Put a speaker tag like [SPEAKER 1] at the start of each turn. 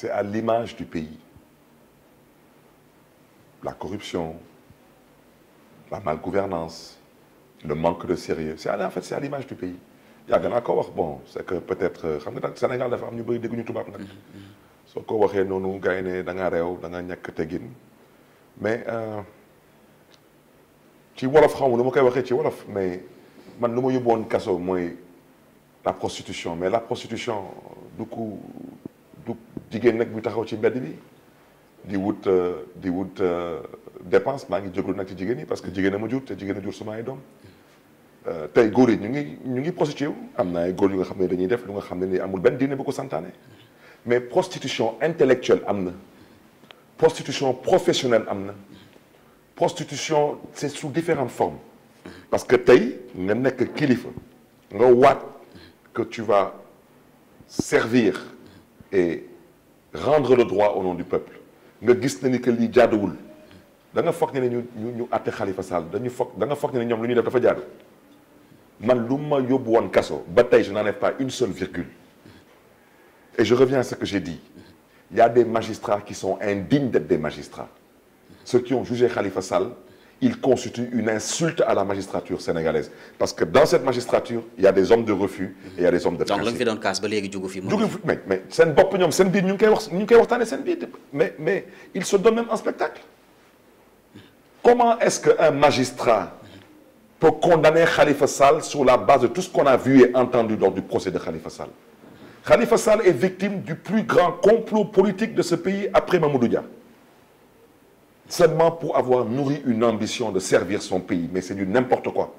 [SPEAKER 1] C'est à l'image du pays. La corruption, la malgouvernance, le manque de sérieux. C'est en fait, c'est à l'image du pays. Il y a un accord, bon, c'est que peut-être, euh, xam nga Sénégal dafa am ñu bëri dégguñu tubaab nag. soo ko waxee noonu gars yi ne da nga réew da nga ñàkk tegin mais euh, ci wolof xaw ma nu ma koy waxee ci wolof mais man lu ma yóbbu woon la prostitution mais la prostitution du coup jigen nak bu taxaw ci mbedd bi di wut euh, di wut euh, dépense maa ngi jóglu ci jigen yi parce que jigéen a ma jur te jigéen a jur sama ay dom euh, tey góor yi ñu ngi ñu ngi prostitué am na ay góor yu nga xamné dañuy def lu nga xamné amul ben bu ko santané mais prostitution intellectuelle amna prostitution professionnelle amna prostitution c'est sous différentes formes parce que tay nga nek kilifa nga wat que tu vas servir et rendre le droit au nom du peuple nga gis na ni que li ni da nga foog ne ñu ñu ñu Khalifa Sall ñu foog da nga ne ñom lu ñu def dafa jadu. man luma ma won kasso, ba tay je n'enlève pas une seule virgule et je reviens à ce que j'ai dit il y a des magistrats qui sont indignes d'être des magistrats ceux qui ont jugé Khalifa Sall il constitue une insulte à la magistrature sénégalaise parce que dans cette magistrature il y a des hommes de refus et il y a des hommes de donc mais mais mais il se donne même un spectacle comment est-ce qu'un magistrat peut condamner Khalifa Sall sur la base de tout ce qu'on a vu et entendu lors du procès de Khalifa Sall Khalifa Sall est victime du plus grand complot politique de ce pays après Mamadou seulement pour avoir nourri une ambition de servir son pays. Mais c'est du n'importe quoi.